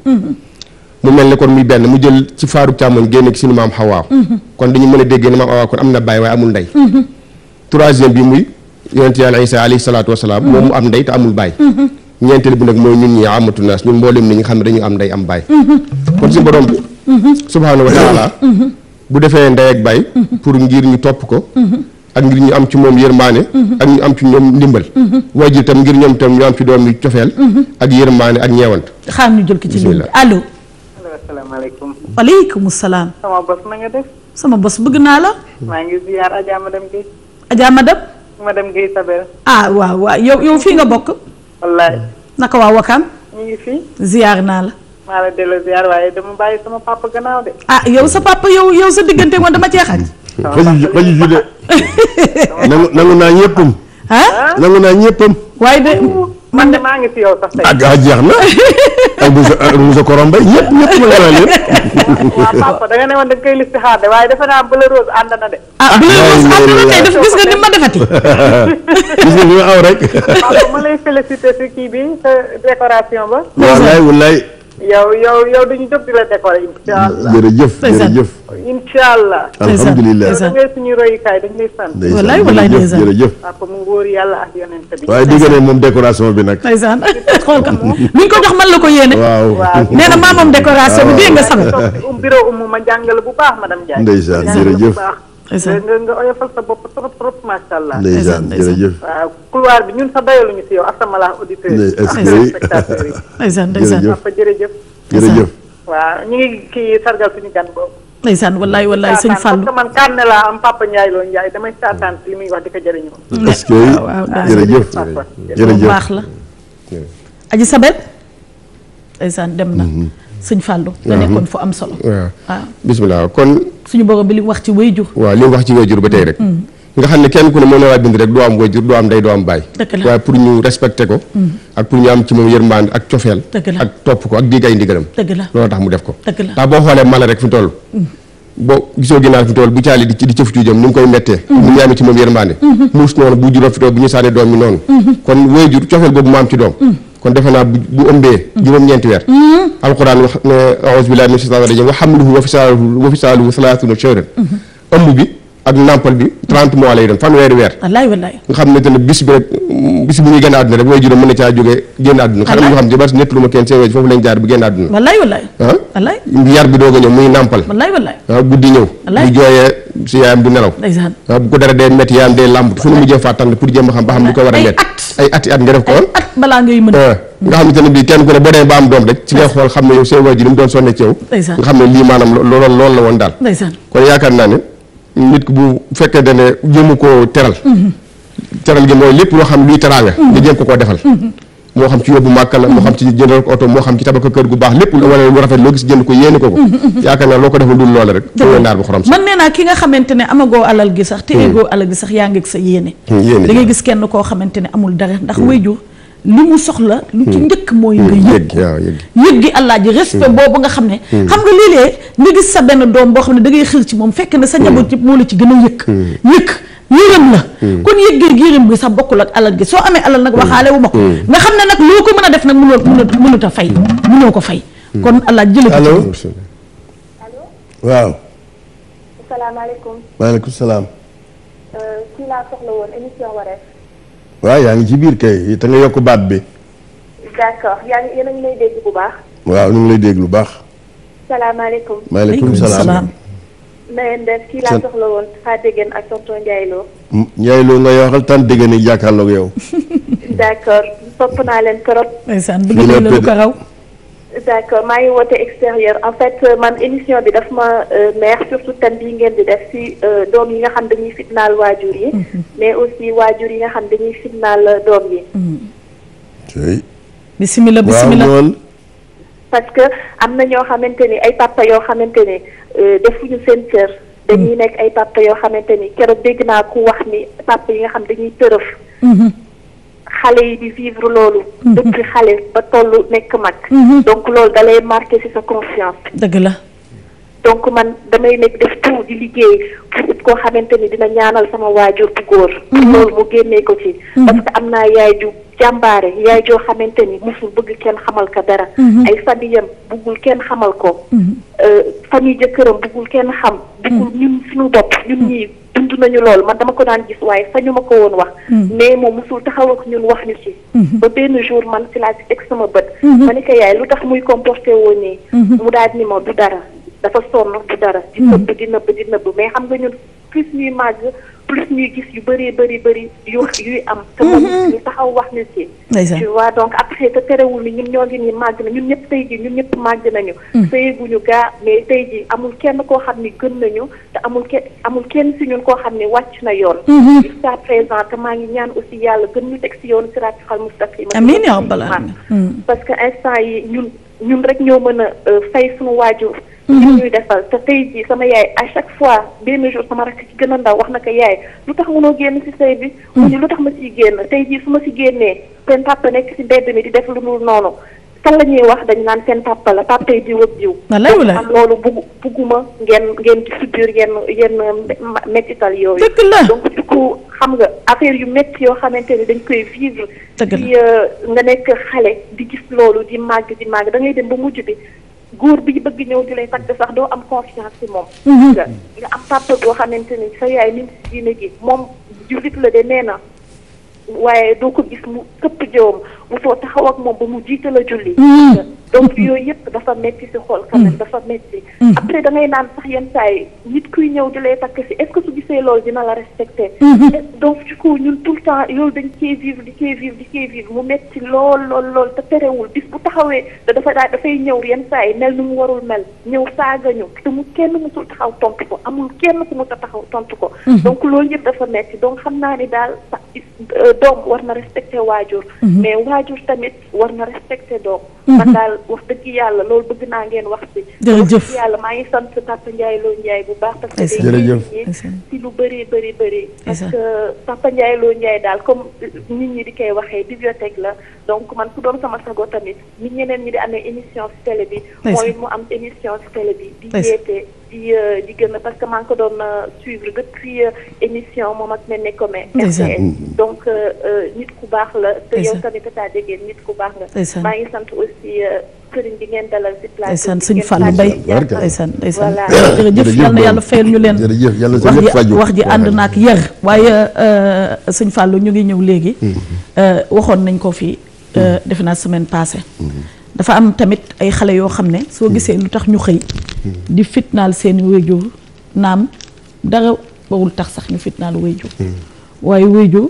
mu mel ne kon muy benn mu jël ci faaru càmmoñ génne ci suñu maam xawaa kon dañu mën a déggee ne maam am na baay waaye amul ndey troisième bi muy yonente yàlla isa alayhi salaatu wasalaam moom mu am ndey te baay ñeenteel bi nag mooy ñun ñi amatu naas ñun mboolem ni ñu xam ne dañu am ndey am baay kon suñu borom subhaanahu wa taala bu defee ndey ak baay pour ngir ñu topp ko ak ngir ñu am ci moom yërmaane mhm. ak ñu am ci ñoom ndimbal mhm. waajur tam ngir ñoom tam ñu am ci doom yi cofeel mhm. ak yërmaane ak ñeewant xaar ñu jël ki ci ligne bi allo asalaamaaleykum waaleykum salaam sama bos na nga def sama bos bëgg naa la maa ngi ziar Adja Madame Guèye Adja dem Madame Guèye ah, fii nga bokk wallaay naka waa Wakaam ñu ngi fii la waaye de ah yow sa papa yow yow sa diggante moom dama cee xaj xëy ju de nangu naa ñëppam. ah nangu naa ñëppam. waaye de man de maa ngi fi yow sax tey. ah jeex na ak monsieur ak monsieur Korombay ñëpp ñëpp ma nga naan ñëpp. waaw papa da nga ne woon da nga koy listixaar de waaye defe naa Bleu Rose ànd na de. ah Bleu ah, Rose ànd na tey def gis nga ni ma defati. gis nga ni ma aw rek. waaw ma lay féliciter si kii bi sa décoration ba. wallaay wallaay. yow yow yow dañu jóg di la décorer incha allah jërëjëf jërëjëf. incha allah. alhamdulilah yow da ngay suñu royukaay dañ lay sant. walaay walaay ndeysaan jërëjëf papa mu wóor yàlla ak yonent bi. waaye dégg ne moom décoration bi nag. ndeysaan xool ko moom. mi ngi ko jox man la ko yéene. waaw nee na maamam décoration bi dégg nga sax. Um bureau umu ma jàngale bu baax madame Ndiaye. ndeysaan jërëjëf nga nga oyofal sa bopp trop waaw bi ñun sa dayaluñu si yow asamala auditeur yi. spectateur yi ndeysaan ndeysaan jërëjëf jërëjëf ñu ngi kii sargal suñu gan boobu ndeysaan wallaay wallaay sëñ Fallou man kànne laa am papa Ndiaye loo Ndiaye damay saataan li muy wax di ko jëriñoo. est-ce que waaw jërëjëf jërëjëf baax la aji Sabel ndeysaan dem na mhm. sëñ Fallou. da nekkoon fu am solo. waaw bisimilah kon. suñu borom bi li wax ci wayjur. waaw li mu wax ci wayjur ba tey rek. Mm. nga xam ne kenn ku ne moom la waa bind rek doo am wayjur doo am day doo am baay. waaye pour ñu respecté ko. Mm. ak pour ñu am ci moom yërmande ak cofeel ak topp ko ak dégg ay ndigalam. dëgg la tax mu def ko. dëgg la ndax boo xoolee mala rek fi toll. Mm. boo gisoo ginaar fi tool bu caali di di cëf cuujam ni mu koy mettee ni mm-hmm. mu amee ci moom yërmande mm-hmm. noonu mm-hmm. kon wayjur cofeel boobu mu kon defe naa bu bu ëmbee juróom-ñeenti weer mm-hmm. alquran wax ne aouzu billahi min shaytaani rajim wa hamluhu wa fisaaluhu wa fisaaluhu salaatuna shahran mm-hmm. ëmb bi ak nàmpal bi trente mois lay doon fanweeri weer wallaay wallaay nga xam ne te ne bis bi rek bis bi ñuy génn àdduna rek way juróom mën na caa jógee génn àdduna xam nga xam ci bari ñett lu ma kenn seen foofu lañ jaar bi génn àdduna wallaay wallaay ah? yar bi doog a ñëw muy nàmpal wallaay ah, guddi ñëw bu jooyee si yaayam du nelaw waaw ah, bu ko dara dee métti yaayam dee làmb fu nu mujjee fàttand pour jéem xam ba xam li ko war a métti ay ati at nga def ko woon at balaa ngay nga xamante ne bii kenn ku ne boo demee ba am doom rek ci ngay xool xam ne yow seen waajur mu doon sonne ci nga xam ne lii maanaam loolu loolu la woon daal kon yaakaar naa ne nit bu fekkee dane jëmu koo teral mm-hmm. teral gi mooy lépp loo xam luy teraanga mm-hmm. nga jéem ko koo defal mm-hmm. moo xam ci yóbbu màkka la moo xam ci jëndal ko oto moo xam ci tabax ko kër gu baax lépp wala lu rafet loo gis jënd ko yéene ko ko mm, mm, mm. yaakaar naa loo ko deful dul loola rek nga naar bu xorom sax man nee naa ki nga xamante ne sax yaa ngi sa yéene da ngay gis kenn koo xamante ne amul dara ndax wayjur li mu soxla lu ci njëkk mooy nga yëg yëg gi allah ji respect boobu nga xam ne xam nga léeg-léeg nga gis sa benn doom boo xam ne da ngay xër ci moom fekk na sa njaboot yëpp moo la ci gën a yëkk yëkk yërëm la mm. kon yëggee yërëm gi sax bokkul ak alal gi soo amee alal nag mm. waxaale wu ma ko mm. nga xam ne nag loo ko mën a def nag mënoo mënut a fay mënoo ko fay kon ko allo waaw asalaamaaleykum maaleykum salaam kii euh, waaw yaa ngi ci biir kay te nga yokk baat bi yaa ngi yéen a dégg bu baax waaw ñu ngi lay dégg lu baax salaamaaleykum maaleykum salaam na ngeen def kii laa soxla woon Fatou Degene ak tonton Ndiaye Lo. Ndiaye Lo ngay waxal tànn Degene jàkkaarloog yow. d' accord naa leen trop. ndeysaan bëgg nañ ko raw. maa ngi woote extérieur en fait euh, man émission bi dafa ma euh, neex surtout thème bii ngeen di def si euh, doom yi nga xam dañuy fitnaal waajur yi. Mhm. mais aussi waajur yi nga xam dañuy fitnaal doom yi. Mhm. bisimilah bisimilah waaw parce que am na ñoo xamante ni ay papa yoo xamante ni euh, defuñu seen cër. Mm. dañuy nekk ay papa yoo xamante ni keroog dégg naa ku wax ni papa yi nga xam dañuy tërëf. Mm-hmm. xale yi di vivre loolu. Mm-hmm. dëkk xale ba tollu nekk mag. Mm-hmm. donc loolu dalay marqué si sa conscience. dëgg la. donc man damay nekk def tout di liggéey pour it koo xamante ni dina ñaanal sama waajur bu góor. Mhm. loolu mu génnee ko ci. Mhm. parce am naa yaay ju jàmbaare yaay joo xamante ni musul bëgg kenn xamal ko dara. Mhm. ay famiyam bëggul kenn xamal ko. Euh, famille jëkkëram bëggul kenn xam. bëggul ñun suñu bopp ñun ñii dund nañu lool man dama ko daan gis waaye sañu ma ko woon wax. mais moom musul taxaw ak ñun wax ñu ci. ba benn jour man si laa si teg sama bët. ma ne ko yaay lu tax muy comporté woo nii. mu daal ni ma du dara. dafa sonn ci dara. di hmm. nëbb di nëbb di nëbb mais xam nga plus ñuy màgg plus ñuy gis yu bëree bari bëri yu yuy am. te hmm. moom ñu taxaw wax ñu ci. tu waa donc après te terewul ni ñun ñoo ngi nii màgg na ñun ñëpp tey jii ñun ñëpp màgg nañu. sëyeguñu hmm. gaa mais tey jii amul kenn koo xam ni gën nañu te amul kenn amul kenn si ñun koo xam ni wàcc na yoon. jusqu'à présent te maa ngi ñaan aussi yàlla gën ñu teg si yoon si mustaqiim. amiin yaa rabbal aalamiin parce que instant yi ñun ñun rek ñoo mën a euh, fay suñu waajur. muy mm-hmm. defal te tey jii sama yaay à chaque fois benn jour sama rakk ci gën a ndaw wax na ko yaay lu tax mënoo génn ci sëy bi. Mm-hmm. mu ni lu tax ma siy génn tey jii su ma si génnee seen papa nekk si mbedd mi di def lu dul noonu fan la ñuy wax dañ naan seen papa la papa yi jiw ak jiw. am loolu bugg bugguma ngeen ngeen ci subir yenn yenn mettital yooyu. dëgg la donc du xam nga affaire yu métti yoo xamante ni dañ koy vivre. dëgg la euh, nga nekk xale di gis loolu di màgg di màgg da dem ba mujj bi. góor bi bëgg ñëw di lay takk sax doo am confiance ci moom. nga mhm. nga am papa boo xamante ni sa yaay ni ci diine gi moom jullit la de nee na waaye doo ko gis mu këpp jëwam mosoo taxaw ak moom ba mu jiite la julli. Mm. donc yooyu yëpp dafa metti si xool quand mm. dafa metti mm. après da ngay naan sax yenn saa yi nit kuy ñëw di lay takk si est su gisee loolu dina la respecté. Mm-hmm. donc du coup ñun tout le temps loolu dañ cee vivre di cee vivre di cee vivre mu lool lool lool te terewul bis bu taxawee da dafa daa dafay ñëw yenn saa yi mel nu mu warul mel ñëw saaga ñu mu kenn musul taxaw tontu ko amul kenn ku mu taxaw tontu ko. Mm-hmm. donc loolu yëpp dafa metti donc xam naa ni daal euh, doom war na respecté waajur mm-hmm. mais waajur tamit war na respecté doom mhm. man daal wax dëgg yàlla loolu bëgg naa ngeen wax ci yàlla maa ngi sant Papa Ndiaye Lo Ndiaye bu baax parce que day ci lu bëree bëri bëri parce que Papa Ndiaye Lo daal comme nit ñi di koy waxee bibliothèque la donc man ku doon sama sago tamit nit ñeneen ñi di amee émission ci télé bi mooy mu am émission ci télé bi di yeete di eh, di gën a parce que maa ko doon eh, suivre depuis eh, émission moom ak mel ne comme RTS donc nit ku baax la te yow tamit taa déggeen nit ku baax nga maa ngi sant aussi sëriñ bi ngeen dalal si plateau ndeysaan suñ Fallou Mbaye ndeysaan ndeysaan jërëjëf yal na yàlla fayal ñu leen wax ji ànd na ak yar waaye suñ Fallou ñu ngi ñëw léegi mhm. waxoon nañ ko fii mhm. defe naa semaine passée mhm. dafa am tamit ay xale yoo xam ne soo gisee lu tax ñu xëy di fitnaal seen wéyjur naam dara warul tax sax ñu fitnaal wéyjur hmm. waaye wéyjur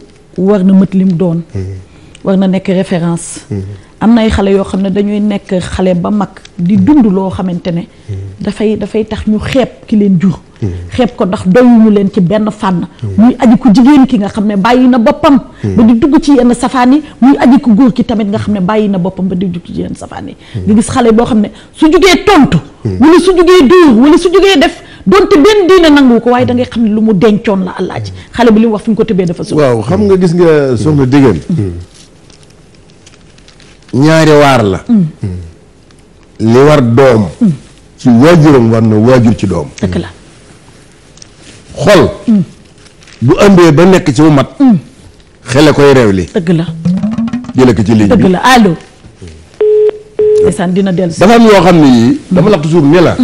war na mët lim doon hmm. war na nekk référence hmm. am na ay xale yoo xam ne dañuy nekk xale ba mag di hmm. dund loo xamante ne hmm. dafay dafay tax ñu xeep ki leen jur hmm. xeeb ko ndax doyuñu leen ci benn fànn muy aji ku jigéen ki nga xam ne bàyyi na boppam ba di dugg ci yenn safaan yi muy aji ku góor ki tamit nga xam ne bàyyi na boppam ba di dugg ci yenn safaan yi nga gis xale boo xam ne su jugee tontu wala su jugee dóor wala su jugee def donte benn diina nangu ko waaye da ngay xam ne lu mu dencoon la àllaaji xale bi li mu wax fi ñu ko tëbee dafa su waaw xam nga gis nga soxna diggéen ñaari waar la mm. li war doom mm. ci waajuram war na waajur ci doom dëgg la xol mm. bu ëmbee ba nekk ci mu mat xele koy réew li dëgg la jële ci ligne bi dëgg dina dellusi dafa am yoo xam ne yii dama la toujours ne la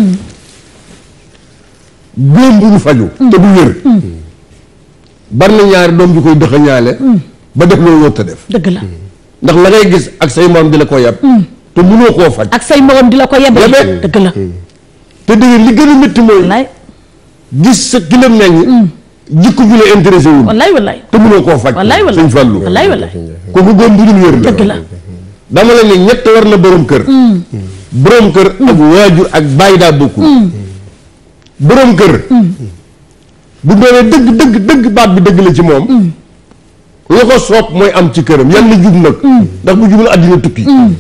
doom bu ñu faju te du wér bari ñaari doom ju koy dëxa ba def loolu wër def dëgg la ndax la ngay gis ak say morom di la ko yeb mm. te mënoo koo faj ak say morom di la ko yeb dëgg la mm. te dëgg li gën a métti mooy gis sa ki la meññ mm. jikko bi la intéressé wu wallaay wallaay te mënoo koo faj wallaay wallaay sëñ Fallou wallaay wallaay kooku góor bu dul wér la dëgg la dama la ne ñett war na borom kër borom kër ak waajur ak bàyyi daa bokkul borom kër bu doonee dëgg dëgg dëgg baat bi dëgg la ci moom lu ko soob mooy am ci këram yàlla jub nag mm. ndax bu jubul àddina tukki mm.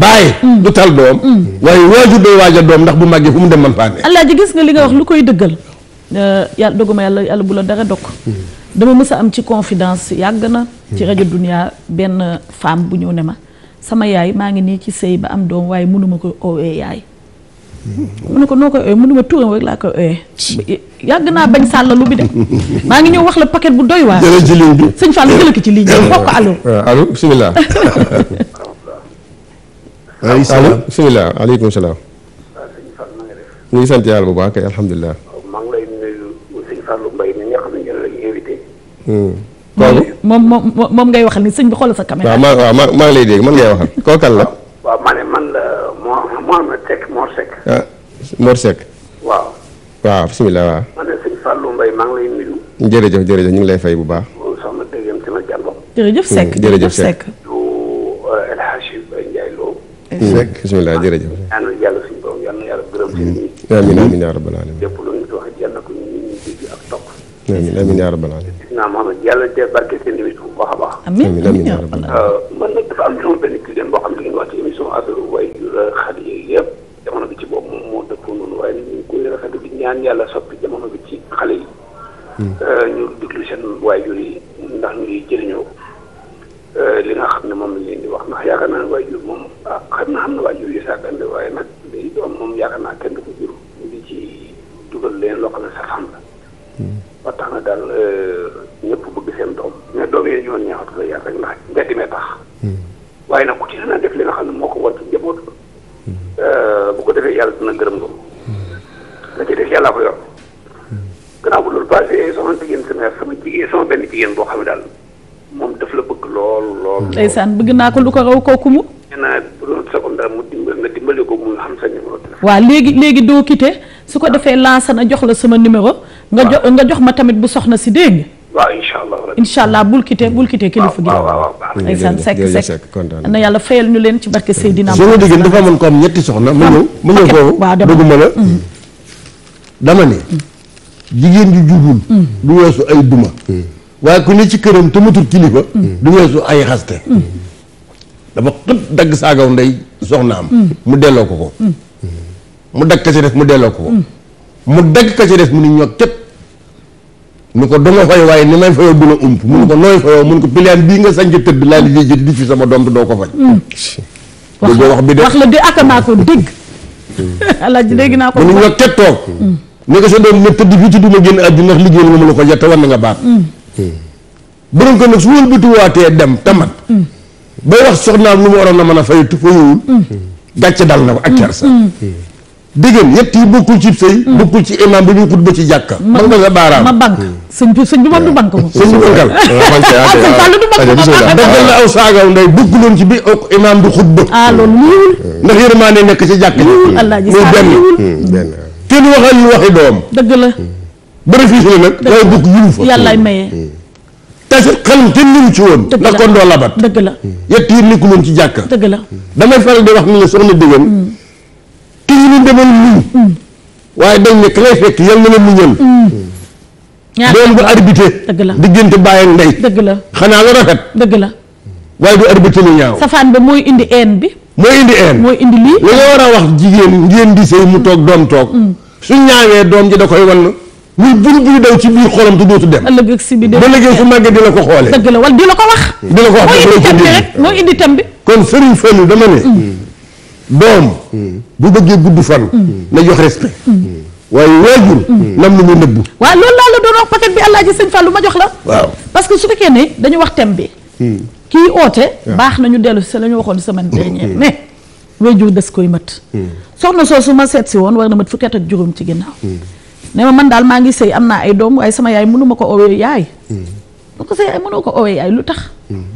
bàyyi mm. du tal doom waaye waajur day waaj doom ndax bu màggee fu mu dem man paane Alaaji gis nga li nga wax lu koy dëggal euh, yàlla doguma yàlla yàlla bu la dara dog dama mës a am ci confidence yàgg na ci rajo Dunia benn femme bu ñëw ne ma sama yaay maa ngi nii ci sëy ba am doom waaye mënuma ko oowee yaay mu ne ko noo koy ooyee mu ne ma laa koy ooyee yàgg naa bañ sàllalu bi de maa ngi ñëw wax la paquet bu doy waar. jëlee ci ligne bi sëñ Fall jëlee ko ci ligne bi bokk allo. allo bisimilah. allo bisimilah aleykum salaam. ñu ngi sant yàlla bu baax kay alhamdulilah. maa ne hmm. moom moom ngay waxal ni sëñ bi xoolal sa caméra. waaw maa maa maa ngi lay dégg man ngay waxal kooku la. Seck. ah Mor Seck. waaw. waaw bisimilah waaw. man de sëñ Fallou Mbaye maa ngi lay nuyu. jërëjëf jërëjëf ñu ngi lay fay bu baax. soxna Dégem ci la jàllo. jërëjëf Seck mm, jërëjëf Seck. du euh, El Hadj Ndiaye Lo. Mm, yaa rabbal aalamiin. lépp lu ñu ci wax yàlla ñu ñu dégg ak topp. amiin yaa rabbal aalamiin. a baax. ndeysaan bëgg naa ko lu ko raw kooku mu. waaw léegi léegi doo quitté su ko defee laasana jox la sama numéro. nga jox nga jox ma tamit bu soxna si dégg nga. waaw incha allah incha allah bul quitté bul quitté kilifa gi. waaw sekk sekk na yàlla fayal ñu leen ci barke Seydina. soo ma ñetti soxna. ma ñëw la mm. dama ne jigéen jubul. Mm. du weesu ay duma mm. waaye ku ne ci këram te matul kilifa du weesu ay xaste dafa xët dagg saagaw ndey soxnaam mu delloo ko ko mu dagg ka ci def mu delloo ko ko mu dagg ka ci def mu ni ñoo képp ni ko dama fay waaye ni may fayoo du la ump ko mun ko pilaan bii nga sañ tëdd laa li jël di fi sama doom doo ko faj mm. doo wax bi de wax la di akamaa ko dégg mm. alaaji dégg naa ko mu ni ñoo toog mm. ni ko sa doom ne tëdd fii ci duma génn àddina ndax liggéey nga mu la ko jot te war na nga baax borom ko nag su wëlbatiwaatee dem tamat bay wax soxnaam lu mu waroon a mën a fay fayuwul gàcce dal na ko ak kersa déggan yett yi bokkul ci sëy bokkul ci imam bi ñu xut ba ci jàkka mag nga sa baaraam ma bank sëñ bi sëñ bi moom du bank moom ah, ah, ah, na aw saagaw ci bi ok imam du xut ba ah loolu liiwul ndax yërmaande nekk ci jàkk ji muy hmm, benn kenn waxal yu waxi doom bénéfice la nag. dëgg la bukk yëngu fa. yàllaay hmm. Hmm. te si xel kenn ñu ci woon. la ndax kon doo labat. dëgg la hmm. yett yi nekkul woon ci jàkka. dëgg la damay faral di wax ni la soxna Dégane. ki ñu ne demoon muñ. waaye dañ ne ka lay fekk yal na la muñal. ñaar doon bu dëgg la diggante bàyyi ak ndey. dëgg la xanaa la rafet. dëgg la waaye du arbitré lu ñaaw. safaan ba mooy indi haine bi. mooy indi haine mooy indi lii. li nga war a wax jigéen ngeen di sëy mu toog doom toog. su ñaawee doom ji da koy wan. muy bul bul daw ci biir xolam te dootu dem. ëllëg ak si bi dem ba léegi su màggee di la ko xoolee. dëgg la wala di la ko wax. di la ko wax moo indi tam bi rek moo indi tam bi. kon dama ne. Mm. doom. bu bëggee gudd fan. Mm. na jox respect. Mm. waaye waajur. nam lu mu nëbbu. waa loolu laa la doon wax paquet bi Alaaji Sëñ Fallou ma jox la. waaw parce que su fekkee ne dañu wax thème bi. kii ootee baax na ñu dellu si la ñu waxoon semaine dernière ne. waajur des koy mat. soxna soosu ma seet si woon war na mat fukki at ak ne ma man daal maa ngi sëy am naa ay doom waaye sama yaay mënu ma ko oowee yaay. bu ko sëy mënoo ko oowee yaay lu tax. Mm-hmm.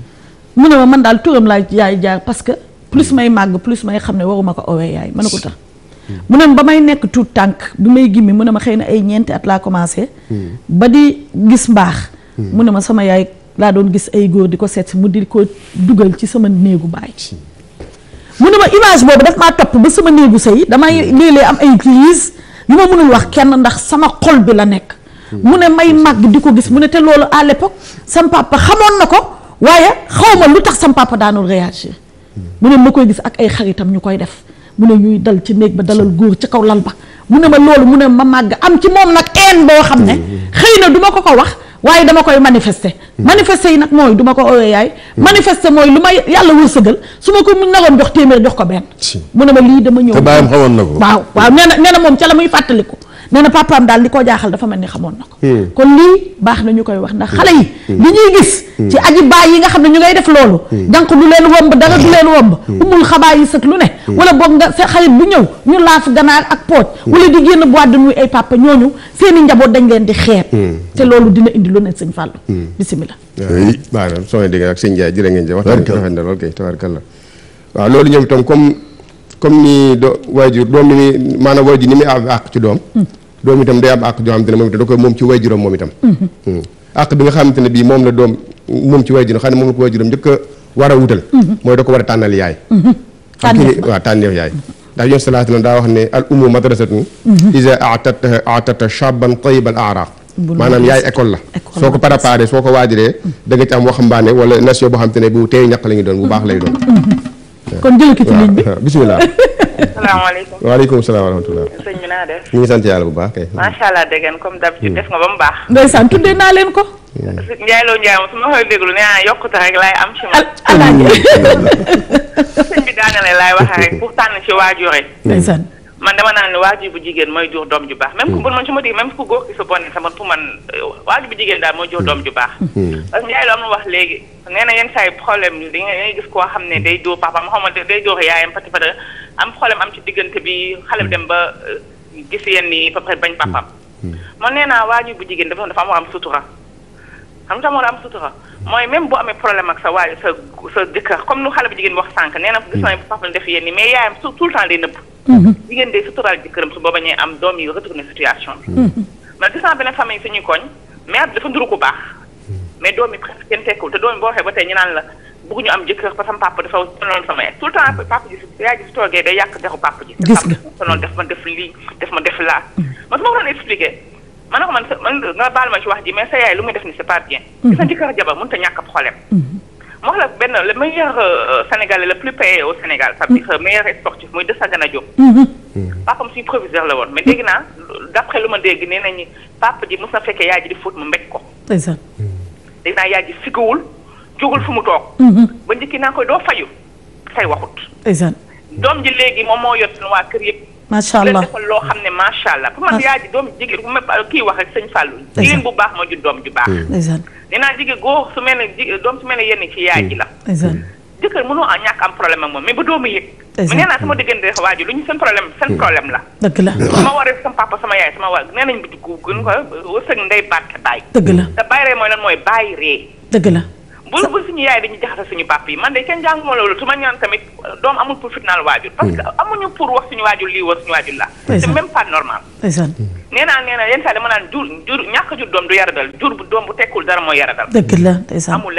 mu ne ma man daal turam laa yaay jaar parce que plus may màgg plus may xam ne waruma ko oowee yaay mën ko tax. Mm-hmm. mu ne ba may nekk tuut tànk bi may gimmi mu ne ma xëy na ay ñeenti at laa commencé. Mm-hmm. ba di gis mbaax. mu ne ma sama yaay laa doon gis ay góor di ko seet mu di ko dugal ci sama néegu baay. mu ne ma image boobu daf maa topp ba sama néegu sëy damay léeg am ay li ma mënul wax kenn ndax sama xol bi la nekk. mu ne may màgg di ko gis mu ne te loolu ale l'époque sam papa xamoon na ko waaye xaw ma lu tax sam papa daanul réagir. mu ne ma koy gis ak ay xaritam ñu koy def mu ne ñuy dal ci néeg ba dalal góor ci kaw lal ba mu ne ma loolu mu ne ma màgg am ci moom nag een boo xam ne mm-hmm. xëy na duma ko ko wax. waaye dama koy manifesté manifester yi nag mooy duma ko oowee yaay. manifester mooy lu ma yàlla wërsëgal su ma ko naroon jox téeméer jox ko benn. mu ne ma lii dama ñëw. te bàyyam xawoon na ko. waaw waaw nee na nee na moom ca la muy fàttaliku. nee na daal li ko jaaxal dafa mel ni xamoon na ko eh. kon lii baax na ñu koy wax ndax eh. xale yi eh. li ñuy gis ci aji baay yi nga xam ne ñu ngay def loolu jànq du leen womb dara du leen womb umul xabaar yi sëg lu ne wala boog nga sa xarit bu ñëw ñu laa laaf ganaar ak pooj wala di génn boîte de nuit ay papa ñooñu seeni njaboot dañ leen di xeeb te loolu dina indi lu ne sëñ Fallou bisimilah maanaam soo dégg ak sëñ Ndiaye jërë ngeen jëf waxtaan rafet na lool kay tabarkalla waaw loolu ñoom itam comme comme ni do waajur doom ni muy maanaam waajur ni muy àq ci doom hmm. doom itam day am àq joo xamante ne moom itam da koy moom ci waajuram moom itam mhm. hmm. àq bi nga xamante ne bii moom la doom moom ci waajuram xam ne moom la ko waajuram njëkk a war a wutal mhm. mooy da ko war a tànnal yaay mhm. waaw tànneef yaay ndax yoon sallallahu alayhi wasallam daa wax ne al ummu madrasatun maanaam yaay école la soo ko préparé soo ko waajalee da nga ci am waxambaane wala nation boo xam te ne bu teey ñaq la ñu doon bu baax lay doon kon jël ki ci ligne bi bismillah salaamaaleykum waaleykum salaam wa rahmatulah. sëñ bi def. ñu ngi sant bu baax kay. macha allah dégg ngeen comme hmm. def nga ba mu baax. ndeysaan tuddee naa leen ko. Hmm. Ndiaye Lo Ndiaye moom ma koy déglu nee naa yokkute rek laay am. ci man alaaji hmm. sëñ bi daanaka laay wax rek pour ci waajur yi. man dama naan ne waajur bu jigéen mooy jur doom ju baax. même ku hmm. man su ma dégg même ku góor su bon sax man pour man euh, waajur bu jigéen daal mooy jur doom ju baax. Hmm. Hmm. parce que yaay la am wax léegi nee na yenn saa yi problème yi dañuy gis koo xam ne day dóor papaam xaw ma day dóor yaayam pati pati bi xale bi dem ba euh, gis yenn yi ba pare bañ papaam. man nee naa waajur bu jigéen dafa dafa am am sutura. xam nga moo am sutura mooy même bu amee problème ak sa waajur sa sa comme nu xale bu jigéen wax sànq nee gis naa ne papa def yenn mais yaayam tout le temps day nëbb. Mm-hmm. jigéen day suturaal jëkkëram su booba ñuy am doom yu retourné situation bi. man gis naa beneen famille suñuy koñ mère bi dafa nduru ku baax. Mm-hmm. mais doom yi presque kenn tekkul te doom yi boo waxee ba tey ñu naan la bëgguñu am jëkkër parce que papa dafa sonaloon sama yaay tout le temps mm-hmm. papa ji su yaay ji su toogee day yàq dexu papa ji. gis nga sonaloon def ma def lii def ma def laa. man su ma ko doon expliqué man na ko man sa man nga baal ma ci wax ji mais sa yaay lu muy def ni c'est pas bien. gis nga jëkkër jabar mënut benn le meilleur euh, sénégalais le plus payé au Sénégal. c'est-à-dire meilleur sportif muy Desagana Diop. Mm-hmm. pas comme suñu proviseur la woon mais dégg naa d'après lu ma dégg nee nañu papa ji mos na fekkee yaay ji di fóot mu mbéj ko. ndeysaan. dégg naa yaay ji sigawul jógul fu mu toog. Mm-hmm. ba njëkk naa koy doo fayu say waxut. ndeysaan. doom ji léegi moom moo yott waa kër yëpp. macha allah leen defal loo xam ne macha allah. pour man ah. yaay ji doom jigéen kii wax ak sëñ Fallou. jigéen bu baax moo ju doom ju baax. nee naa jigéen góor su mel ne jigéen doom su mel ne yenn ci yaay ji la. jëkkër mënoo a ñàkk am problème ak moom mais ba doomu yëg mu nee naa sama diggante waajur lu ñu seen problème seen hmm. problème la dëgg la sama waree sama papa sama yaay sama waa nee nañ bi dugg gën ko wërsëg ndey bàtte bàyyi dëgg la te bàyyi ree mooy lan mooy la bul bul suñu yaay dañuy jaxase suñu bàpp yi man de kenn jànguma loolu su ma ñaan tamit doom amul pour fitnaal waajur. parce que hmm. amuñu pour la. c'est même pas normal. nee na yenn saa dama naan jur jur ñàkk jur doom du yaradal jur bu hmm. moo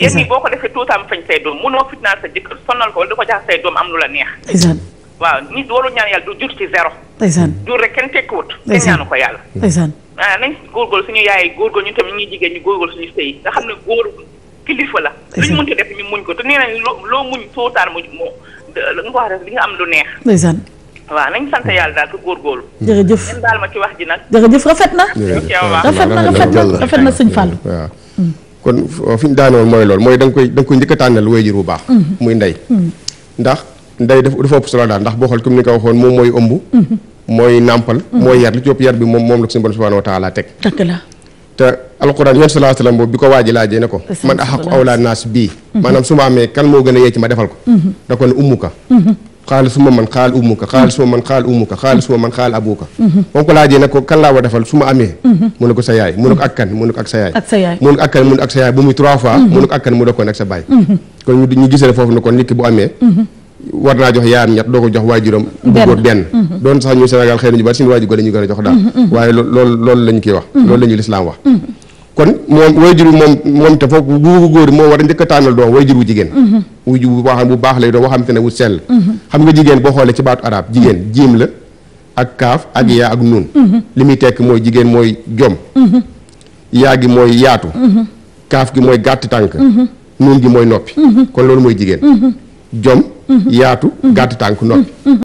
gën yéen ñi boo ko defee tuutaam fañ say doom munoo fitnaal sa jëkkër sonal ko wala di ko jaxase say doom am lu la neex waaw nit warul ñaan yàlla du jur ci zéro. ndeysaan jur kenn tekkiwut. ndeysaan kenn ñaanu ko yàlla. ndeysaan ah nañ góorgóorlu yàlla daal ko góorgóorlu. jërëjëf ngeen baal rafet na. rafet na rafet na rafet na mm. kon fi ñu daanoon mooy lool mooy da koy da nga koy njëkk a tànnal waajur bu baax. Mm. muy ndey. Mm. ndax ndey dafa dafa ëpp solo daal ndax boo xool comme ni ko moom moom la ko suñu borom subhanahu bi ko waaji laajee ne ko man axaqu awla naas bii mhm. maanaam su ma amee kan moo gën a ma defal ko mhm. da ko ne ummuka mhm. xaal suma man xaal ummuka xaal suma man xaal ummuka xaal xaal abuka moom ko laajee ko kan laa war su ma amee mu sa yaay mu ne ak kan mu ne ko ak sa yaay mu ne ko ak kan mu ne ko ak sa yaay bu muy trois fois mu ne ko ak kan mu ne ko ak sa baay kon ñu gisee foofu ne kon nit ki bu amee war naa jox yaar ñett doo ko jox waajuram bu góor benn mm-hmm. doon sax ñu Sénégal xëy nañu bari suñu waajur ñu gën a jox daal mm-hmm. waaye loolu loolu lañu kii wax mm-hmm. loolu la ñu lislaam wax kon moom waajur moom moom te foog bu góor moo war a njëkk tànnal doom waajur bu jigéen waajur bu baax bu baax lay doon boo xam te ne wu sell xam nga jigéen boo xoolee ci baatu arab jigéen jiim la ak kaaf ak yaa ak nuun li muy tekk mooy jigéen mooy jom yaa gi mooy yaatu kaaf gi mooy gàtt tànk nuun gi mooy noppi kon loolu mooy jigéen jom mhm. yaatu gàtt tànk noppi mhm.